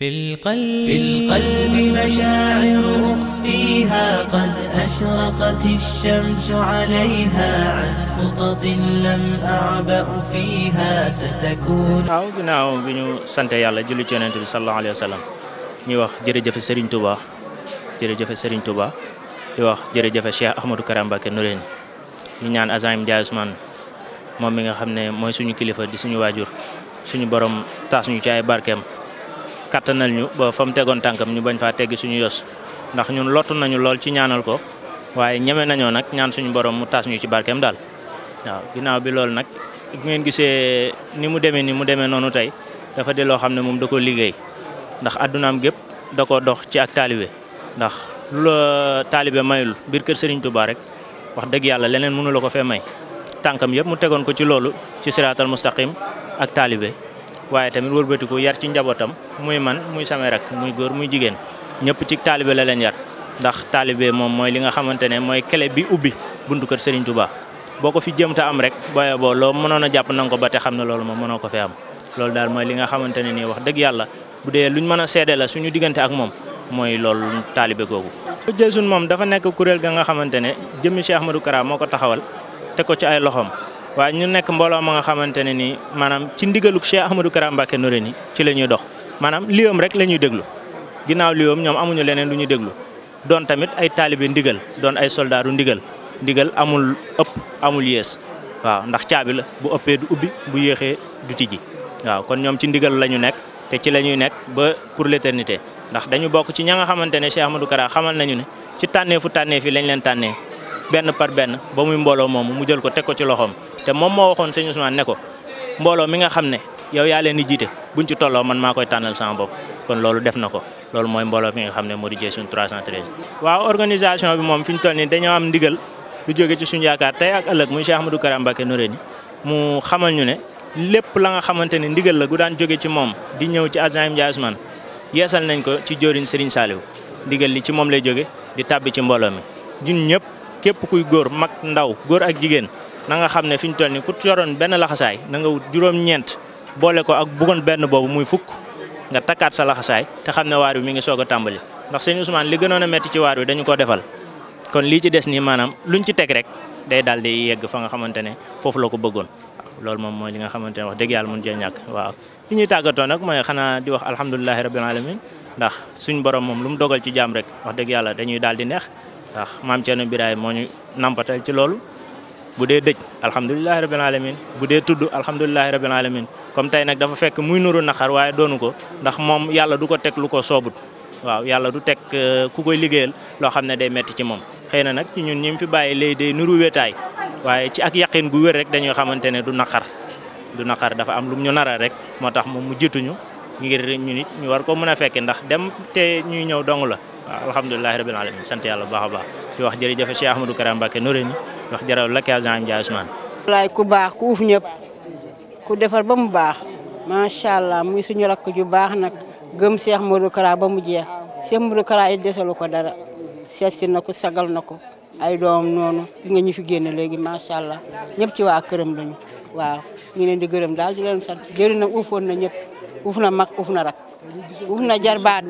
في القلب في القلب مشاعر أخفيها قد أشرقت الشمس عليها عن خطط لم أعبأ فيها ستكون waaw ginnaaw bi ñu sant yàlla julli ci yonent bi sallallahu alayhi wa sallam ñuy wax jërëjëf Serigne Touba jërëjëf Serigne Touba di wax jërëjëf Cheikh Ahmadou Karam Mbacké Noreyni ñu ñaan Azam Ndiaye Ousmane moom mi nga xam ne mooy suñu kilifa di suñu waajur suñu borom taas ñu ci ay barkeem kattanal ñu ba fa mu tegoon tànkam ñu bañ faa teggi suñu yos ndax ñun lottu nañu lool ci ñaanal ko waaye ñeme nañoo nag ñaan suñu borom mu taas ñu ci barkeem daal waaw ginnaaw bi loolu nag ngeen gisee ni mu demee ni mu demee noonu tey dafa di loo xam ne moom da ko liggéey ndax addunaam gépp da ko dox ci ak taalibe ndax lu la taalibe mayul biir kër Serigne Touba rek wax dëgg yàlla leneen mënu la ko fee may tànkam yëpp mu tegoon ko ci loolu ci siraatal waaye tamit wëlbatiku yar ci njabootam muy man muy samay rak muy góor muy jigéen ñëpp ci taalibe la leen yar ndax taalibe moom mooy li nga xamante ne mooy clé bi ubbi buntu kër Serigne Touba boo ko fi jëm ta am rek booye boo loo mënoon a jàpp na ko ba te xam ne loolu moom mënoo ko fi am loolu daal mooy li nga xamante ne nii wax dëgg yàlla bu dee luñ mën a seede la suñu diggante ak moom mooy loolu taalibe googu jësun moom dafa nekk kuréel ga nga xamante ne jëmmi Cheikh Ahmadou Kara moo ko taxawal te ko ci waa ñu nekk mbooloo ma nga xamante ne nii maanaam ci ndigaluk Cheikh Ahmadou Kara nore Noreyni ci la ñuy dox maanaam liyoom rek la ñuy déglu ginnaaw liyoom ñoom amuñu leneen du ñuy déglu doon tamit ay taalibe ndigal doon ay soldaaru ndigal ndigal amul ëpp amul yées waaw ndax caabi la bu ëppee du ubbi bu yéexee du tijji waaw kon ñoom ci ndigal la ñu nekk te ci la ñuy nekk ba pour l'éternité ndax dañu bokk ci ña nga xamante ne Cheikh Ahmadou Kara xamal nañu ne ci tànneefu tànneef yi lañ leen tànnee benn par benn ba muy mbooloo moomu mu jël ko teg ko ci loxoom te moom moo waxoon sëñ Ousmane ne ko mbooloo mi nga xam ne yow yaa leen di jiite buñ ci tolloo man maa koy tànnal sama bopp kon loolu def na ko loolu mooy mbooloo mi nga xam ne moo di Dieysun 313. waaw organisation bi moom fi ñu toll nii dañoo am ndigal lu joge ci suñ yaakaar tey ak ëllëg muy Cheikh Ahmadou Karam Mbacké Noreyni mu xamal ñu ne lépp la nga xamante ne ndigal la gu daan joge ci moom di ñëw ci agent Ndiaye Ousmane yeesal nañ ko ci joriñ Serigne Saliou ndigal li ci moom lay jóge di tàbbi ci mbooloo mi ñun ñëpp na nga xam ne fi ñu toll nii ku yoroon benn laxasaay na nga wut juróom-ñeent boole ko ak bugoon benn boobu muy fukk nga takkaat sa laxasaay te xam ne waar wi mi ngi soog a tàmbali ndax sëñ Ousmane li gënoon a métti ci waar wi ko defal kon lii ci des nii maanaam luñ ci teg rek day daal di yegg fa nga xamante ne foofu la ko bëggoon loolu moom mooy li nga xamante ne wax dëgg yàlla mun cee ñàkk waaw li tàggatoo nag mooy xanaa di wax alhamdulilahi rabbil alamin ndax suñ borom moom lu mu dogal ci jaam rek wax dëgg yàlla dañuy daal di neex ndax maam Thierno Birahim moo ñu nampatal ci loolu bu dee dëj alhamdulilahi rabil alamin bu dee tudd alhamdulilahi rabil alamin comme tey nag dafa fekk muy nuru naqar waaye doonu ko ndax moom yàlla du ko teg lu ko soobut waaw yàlla du teg euh, ku koy liggéeyal loo xam ne day metti ci moom xëy na nag ñun ñi mu fi bàyyi léegi day nuru wéetaay waaye ci ak yaqin gu wér rek dañoo xamante ne du naqar du naqar dafa am lu ñu naral rek moo tax moom mu jituñu ngir ñu nit ñu war ko mën a fekki ndax dem te ñuy ñëw dong la waaw alhamdulilahi rabbil alamin sant yàlla bu baax baax di wax jërëjëf Cheikh Ahmadou Karam Mbacké Noreyni di wax jërëjëf Lakki Agent Ndiaye Ousmane. walaay ku baax ku uuf ñëpp ku defar ba mu baax macha allah muy suñu rakk ju baax nag gëm Cheikh Modou Kara ba mu jeex Cheikh Modou Kara it desalu ko dara seet si na ko sagal na ko ay doom noonu gis nga ñu fi génn léegi macha allah ñëpp ci waa këram lañu waaw ñu leen di gërëm daal di sant jëri na uufoon na ñëpp uuf na mag uuf na rak wax na jarbaat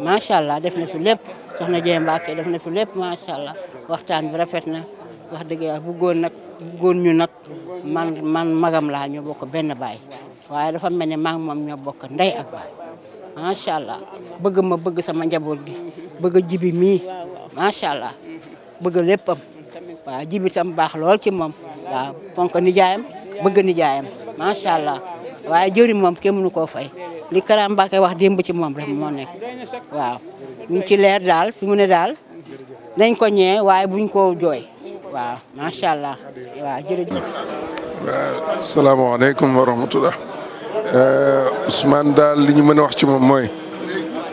macha allah def na fi lépp soxna Dieng Mbacke def na fi lépp macha allah waxtaan bi rafet na wax dëgg bu bëggoon nag bëggoon ñu nag man man magam laa ñoo bokk benn baay waaye dafa mel ne maa moom ñoo bokk ndey ak baay allah bëgg ma bëgg sama njaboot gi bëgg jibi mii macha allah bëgg léppam waaw jibi tam baax lool ci moom waaw fonk nijaayam bëgg nijaayam macha allah waaye jëri moom kenn mënu koo fay. li Kara Mbacké wax démb ci moom rek moo nekk waaw buñ ci leer daal fi mu ne daal dañ ko ñee waaye buñ ko jooy waaw macha allah waaw jërëjëf. waaw salaamaaleykum wa rahmatulah euh, Ousmane daal li ñu mën a wax ci moom mooy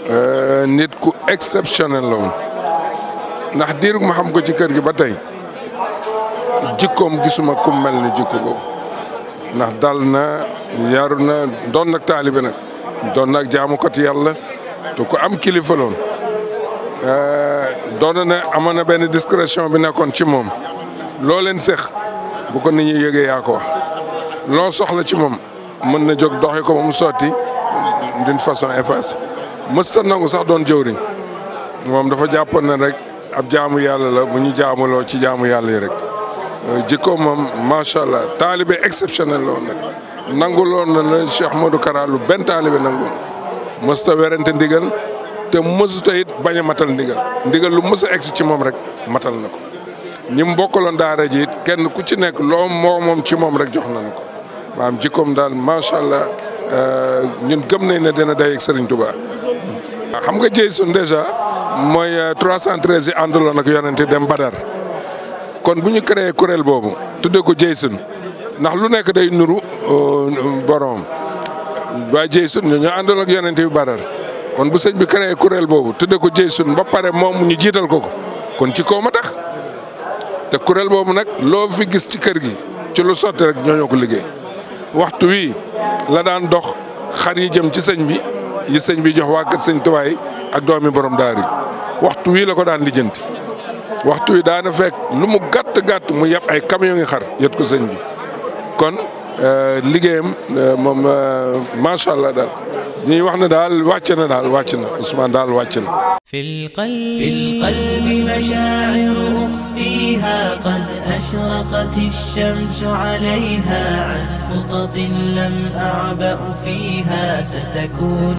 euh, nit ku exceptionnel la ndax diiru ma xam ko ci kër gi ba tey jikkoom gisuma ku mel ni jikko boobu ndax dal na yaru na taalibe nag. doon nag jaamukat yàlla te ko am kilifa loon eh, doon na amoon na benn discrétion bi nekkoon ci moom loo leen seq bu ko nit ñi yëgee yaa loo soxla ci moom mën na jóg doxee ko ba mu sotti d'une façon effacée mësta nangu sax doon jëwriñ moom dafa jàppoon ne rek ab jaamu yàlla la bu ñu jaamuloo ci jaamu yàlla yi rek eh, jikko moom macha allah taalibe exceptionnel la woon nag. nanguloon na la Cheikh Modou Kara lu benn taalibe nangul mësuta werante ndigal te mësuta it bañ matal ndigal ndigal lu mës ex ci moom rek matal na ko ñi mu bokkaloon daara ji kenn ku ci nekk loo moo moom ci moom rek jox nañu ko maam jikkoom daal macha allah euh, ñun gëm nañ ne dina day ak Serigne Touba. xam nga mooy sun dèjà mooy 313 yi àndaloon ak yonente dem Badar kon bu ñu créé kuréel boobu tuddee ko jëy ndax lu nekk day nuru Euh, boroom waa Jeysun ñoo ñoo àndoon ak yonent kon bu sëñ bi créé kuréel boobu tudde ko Jeysun ba pare moom ñu jiital ko ko kon ci kaw ma tax te kuréel boobu nag loo fi gis ci kër gi ci lu sotti rek ñoo ñoo ko liggéey waxtu wi la daan dox xar yi jëm ci sëñ bi yi bi jox waa kër ak doomi borom daar yi waxtu wii la ko daan lijjanti waxtu wi daana fekk lu mu gàtt gàtt mu yab ay camion ngi xar yët ko sëñ bi kon Euh, liggéeyam euh, moom euh, macha allah daal ñuy wax ne daal wàcc na daal wàcc na Ousmane daal wàcc na. في القلب في القلب مشاعر أخفيها قد أشرقت الشمس عليها عن خطط لم أعبأ فيها ستكون